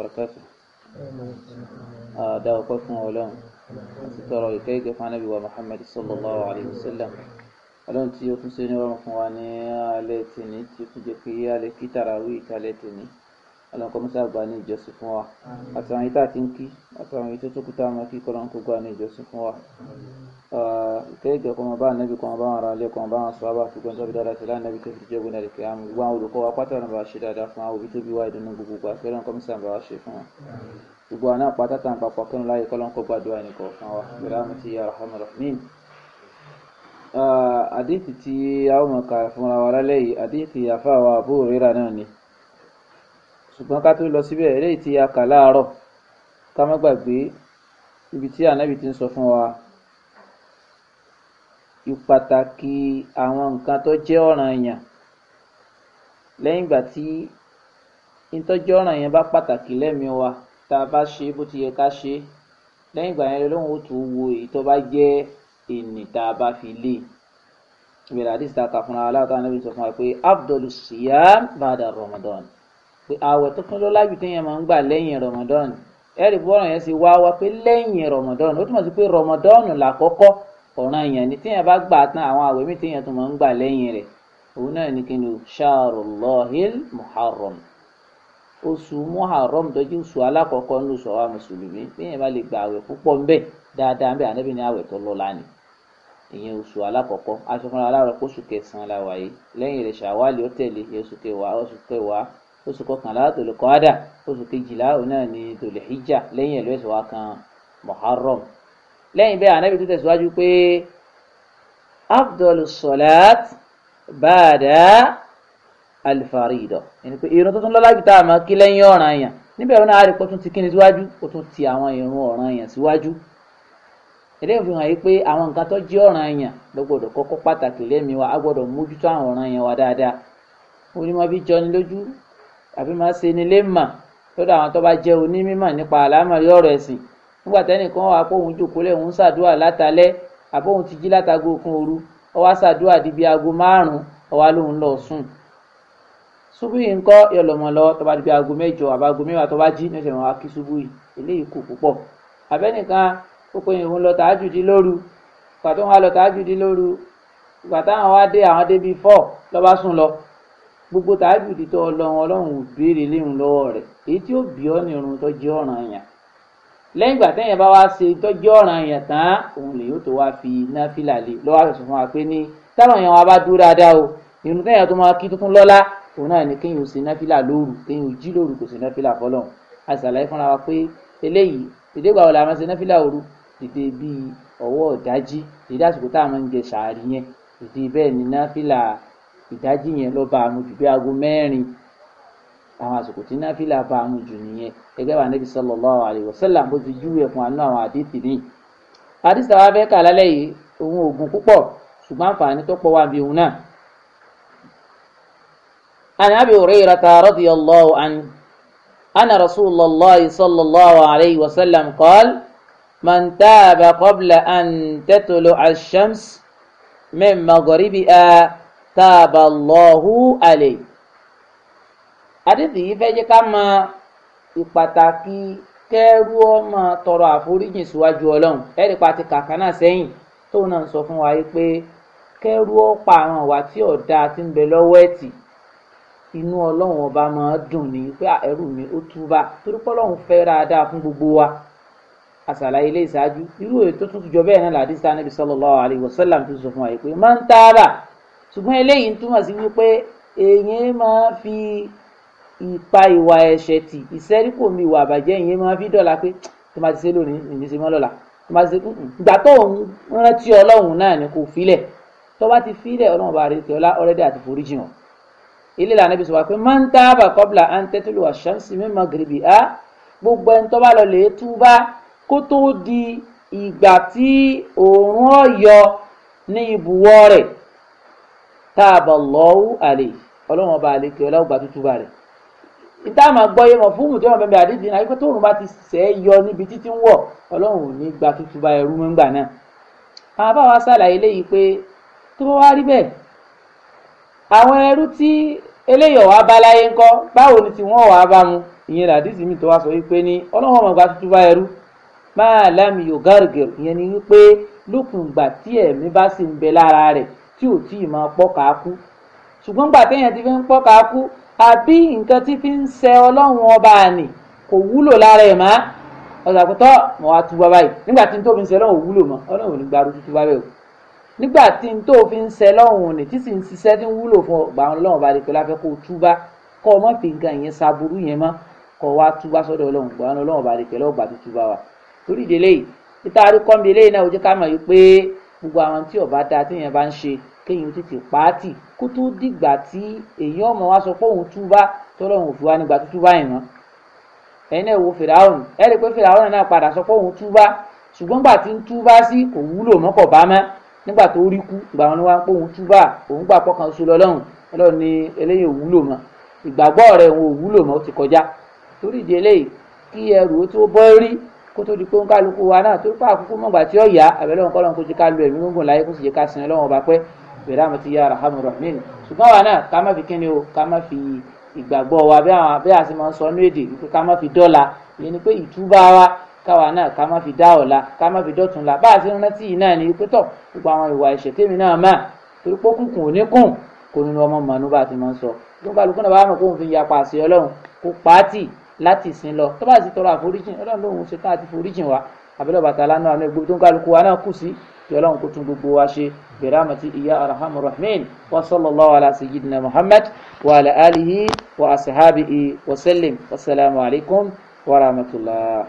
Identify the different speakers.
Speaker 1: وبركاته dá ọpẹ́ fún Ọlọ́run àti tọrọ ìkẹ́ ìgẹ́ fún anábìwá Muhammad sallallahu alayhi wa sallam Ọlọ́run tí ó tún ṣe ní ọrùn fún wa ní alẹ́ tìní tí ó tún jẹ́ kí alẹ́ kí tàràwí ìkàlẹ́ tìní ọlọ́run kọ́ mọ́sá gba ní ìjọsìn fún wa àtàwọn yìí tá a ti ń kí àtàwọn yìí tó tún kú tá a máa kí kọ́ lọ́run kó gba ní ìjọsìn fún wa. ìkẹ́ ìjọ kọ́ máa bá ànábì kọ́ máa bá àwọn ará ilé kọ́ máa bá àwọn sọ́ọ́bà tó gbọ́n tóbi dáadáa sílẹ̀ ànábì tó fi jẹ́ gbọ́n ẹ̀rẹ̀kẹ́ àmì gbogbo àwọn olùkọ́ wa pátá ọ̀nà bá ṣe dáadáa fún àwọn òbí tó bí wá ìdùnnú gbogbo gbà kí wa ṣe fún wa ṣùgbọ́n ká tó lọ síbẹ̀ eléyìí tí a kà láàárọ̀ ká má gbàgbé ibi tí ànábì ti ń sọ fún wa ìpàtàkì àwọn nǹkan tó jẹ́ ọ̀ranyàn lẹ́yìn ìgbà tí ìtọ́jú ọ̀ranyàn bá pàtàkì lẹ́mìí wa tá a bá ṣe bó ti yẹ ká ṣe lẹ́yìn ìgbà yẹn lóhùn ó tún wo èyí tó bá jẹ́ ènì tá a bá fi lé ìbẹ̀rẹ̀ àdìsí ta kà fúnra aláwọ̀ tó ànábì sọ fún wa pé abdul siyam bada ramadan pé ààwẹ̀ tó kún lọ́lá jù téèyàn máa ń gbà lẹ́yìn Ramadan ẹ̀rí bọ́ọ̀rọ̀ yẹn sì wá wá pé lẹ́yìn Ramadan ó túmọ̀ sí pé Ramadan làkọ́kọ́ ọ̀ràn èèyàn ni téèyàn bá gbà tán àwọn ààwẹ̀ mi téèyàn tó máa ń gbà lẹ́yìn rẹ̀ òun náà ni kíni o Shahrullahil Muharram oṣù Muharram dọ́jú oṣù alákọ̀ọ́kọ́ ń lò sọ mùsùlùmí téèyàn bá lè gba ààwẹ̀ púpọ̀ ńbẹ dáadáa ńbẹ ìyẹn oṣù alákọ̀ọ́kọ́ aṣọ fúnra aláwọ̀ kóṣù kẹsàn-án la wáyé lẹ́yìn rẹ̀ ṣàwálì ó tẹ̀lé oṣù kẹwàá oṣù kẹwàá oṣù kọkànlá tòlù kọ́ádà oṣù kejìlá òun náà ni tòlù hijja lẹ́yìn ẹ̀lú ẹ̀sùn wa kan muharram lẹ́yìn bẹ́ẹ̀ ànábì tó tẹ̀síwájú pé afdol salat bada alifarido ẹni pé irun tó tún lọ́lá jù tá a máa kí lẹ́yìn ọ̀ràn yẹn níbẹ̀ òun náà rí pé ó tún ti kíni síwájú ó tún ti àwọn irun ọ̀ràn yẹn síwájú eléyìí fi hàn yí pé àwọn nǹkan tó jẹ́ ọ̀ràn yẹn ló gbọ́dọ̀ kọ́kọ́ pàtàkì lẹ́mìí wa a gbọ́dọ̀ mójútó àwọn ọ̀ràn yẹn wa dáadáa onímọ̀ bí jọni lójú àbí máa ṣe ni lè mà lọ́dọ̀ àwọn tó bá jẹ́ onímọ̀ nípa àlámọ̀rí ọ̀rọ̀ ẹ̀sìn nígbà tẹ́nìkan wà pé òun jókòó lẹ̀ òun ṣàdúrà látàlẹ́ àbí òun ti jí látago kan òru ó wá di bíi aago márùn-ún ó wá lóun lọ sùn ṣubú yìí ń kọ́ yọlọmọlọ tó bá di bíi aago mẹ́jọ àbí aago mẹ́wàá tó bá jí ní ọ̀sẹ̀ wọn wá kí ṣubú yìí eléyìí kò púpọ̀ àbẹ́nìkan ó pe ìhun lọ tàájùdí lóru ìgbà tó ń wá lọ tàájùdí lóru ìgbà táwọn wá dé àwọn dé bíi fọ́ọ̀ lọ́ bá sùn lọ gbogbo tààjù ti tọ́ ọlọ́run ọlọ́run ò béèrè léhùn lọ́wọ́ rẹ̀ èyí tí ó bí ọ́ ní irun tó jẹ́ ọ̀ràn yàn lẹ́yìn ìgbà tẹ́yìn bá wá ṣe tó jẹ́ ọ̀ràn tán òun lè yóò tó wá fi náfìlà lé lọ́wọ́ àṣọ fún wa pé ní táwọn èèyàn wa bá dúró dáadáa o irun tẹ́yìn tó máa kí tuntun lọ́lá òun náà ni kéèyàn ò ṣe náfìlà lóru kéèyàn ò jí lóru kò ṣe náfìlà fọlọ́run a ṣàlàyé fúnra wa pé eléyìí ìdégbà wo la máa ṣe náfìlà òru dìde bíi ọwọ́ ọ̀dájí dìde àsìkò tá a máa ń jẹ sàárì ìdájí yẹn lọ bá àrùn jù bí aago mẹ́rin àwọn àsìkò tí náfìlà bá àrùn jù nìyẹn gẹ́gẹ́ bá nẹ́bí sallallahu alaihi wasallam bó ti júwe fún àánú àwọn àdìsí ní. àdìsí àwọn abẹ́ka lálẹ́ yìí òun oògùn púpọ̀ ṣùgbọ́n àǹfààní tó pọ̀ wà bí òun náà. عن أبي هريرة رضي الله عنه أن رسول الله صلى الله عليه وسلم قال من تاب قبل أن تطلع الشمس من مغربها táàbà lọ́hù àlè. àdìsí yìí fẹ́ jẹ́ ká mọ ìpàtàkì kẹ́rú ọmọ tọrọ àforíjìn síwájú ọlọ́run ẹ̀rí pa ti kàkà náà sẹ́yìn tóun náà ń sọ fún wa pé kẹ́rú ọ̀pá àwọn àwa tí ọ̀dà ti ń bẹ lọ́wọ́ ẹ̀tì inú ọlọ́run ọba máa dùn ní pé ẹrú mi ó túbà torí pé fẹ́ dáadáa fún gbogbo wa àṣàlàyé ilé ìṣáájú irú èyí tó jọ bẹ́ẹ̀ náà làdí sáà níbi sallallahu alaihi tó sọ fún wa pé man taaba ṣùgbọ́n eléyìí ń túmọ̀ sí wípé èèyàn máa fi ìpa ìwà ẹ̀ṣẹ̀ tì ìsẹ́ríkòmí ìwà àbàjẹ́ èèyàn máa fi dọ̀la pé tó máa ti ṣe lónìí èmi ṣe mọ́ lọ́la tó máa ti ṣe ìgbà tó ń rántí ọlọ́run náà ni kò filẹ̀ tó bá ti filẹ̀ ọlọ́run bá rí ti ọlá ọlọ́dẹ àti foríjì hàn ilé ìlànà ibi sọ̀rọ̀ pé máa ń tábà kọ́bla à ń tẹ́tùlù àṣàǹsì min magribiha gbogbo ẹni tó bá lọ lè túbá kó tó di ìgbà tí òòrùn ọ̀yọ́ ní ibùwọ̀ rẹ̀ táàbà lọ́wọ́ àlè ọlọ́run ọba àlè kí gba bá rẹ̀ ìta àmà gbọ́yé mọ̀ fún mùtí àdídì náà tóun bá ti sẹ́ yọ níbi títí ń wọ̀ ọlọ́run ò ní bá ẹrú náà àwọn léyìí pé tó bá wá rí bẹ́ẹ̀ ni tí wọ́n wàá bá mu ìyẹn làdísì mi tó wá sọ wípé ní ọlọ́run ọmọ gba bá ẹrú máa lámì yóò gárùgẹ̀rù ìyẹn ni wípé lókùngbà tí tí ò tí ì máa pọ́ kàákú ṣùgbọ́n gbà téèyàn ti fi ń pọ́ kàákú àbí nǹkan tí fi ń ṣe ọlọ́run ọba àní kò wúlò lára ẹ̀ má ọ̀sà pẹ̀tọ́ mọ̀ wá tu bàbá yìí nígbà tí n tó fi ń ṣe ọlọ́run ò wúlò mọ́ ọlọ́run ò ní gbarú tuntun bá bẹ́ẹ̀ o nígbà tí n tó fi ń ṣe ọlọ́run òní tí sì ń ṣiṣẹ́ tí ń wúlò fún ọgbà ọlọ́run ọba àdìpẹ́ láfẹ́ kó o túbá kọ́ ọ mọ́ fi nǹkan yẹn ṣaburú yẹn mọ́ kọ́ wá túbá sọ́dọ̀ ọlọ́run gbọ́ ọlọ́run ọba àdìpẹ́ lọ́gbà tuntun bá wa torí ìdílé yìí gbogbo àwọn tí ọba dáa téèyàn bá ń ṣe kéèyàn tètè pàátì kó tó dìgbà tí èèyàn ọmọ wa sọ pé òun túbá tọ́lọ́run ò fi wá nígbà tútúbá yẹn mọ́ ẹ̀yin náà wo fìràwọ̀n ẹ rí i pé fìràwọ̀n náà padà sọ pé òun túbá ṣùgbọ́n gbà tí ń túbá sí kò wúlò mọ́kọ̀ bá mọ́ nígbà tó rí kú ìgbà wọn ni wá ń pé òun túbá òun gbà pọ́ kan ṣo lọ́lọ́run ọlọ́run ni eléyìí ò wúlò mọ́ ìgbàgbọ́ rẹ̀ òun ò wúlò mọ́ ó ti kọjá torí ìdí eléyìí kí ẹrù ó tó bọ́ rí kó tó di pé ń kálukú wa náà tó pa àkókò mọ̀gbà tí ó yá àbẹ̀lẹ̀ òun kọ́lọ́n kó ti ká lu ẹ̀mí gbogbo láyé kó sì yẹ ká sin ọlọ́run ọba pẹ́ bẹ̀rẹ̀ àmọ́ ti yá arahamu rahmin ṣùgbọ́n wa náà ká má fi kíni o ká má fi ìgbàgbọ́ wa bí àwọn abẹ́ àti máa ń sọ ní èdè wípé ká má fi dọ́la ìyẹn ni pé ìtúbà wa káwa náà ká má fi dá ọ̀la ká má fi dọ̀tún la bá a ti rántí yìí náà ni wípé tọ̀ gbogbo àwọn ìwà ẹ̀ṣẹ̀ tèmi náà mà torí pé kùnkùn ò ní kùn kò nínú ọmọ màánú bá a ti máa ń sọ ló ń kálukú náà láti ìsìn lọ tó bá sì tọrọ àforíjìn ọlọ́run lòun ṣe tán àti foríjìn wa àbẹ̀lẹ̀ bàtà lánà àwọn ẹgbẹ́ tó ń kálukú wa náà kù sí kí ọlọ́run kó tún gbogbo wa ṣe bẹ̀rẹ̀mọ̀tì ìyá arahamu rahman wa sallallahu ala sayyidina muhammad wa ala alihi wa asahabihi wa sallim wasalaamu alaykum wa rahmatulah.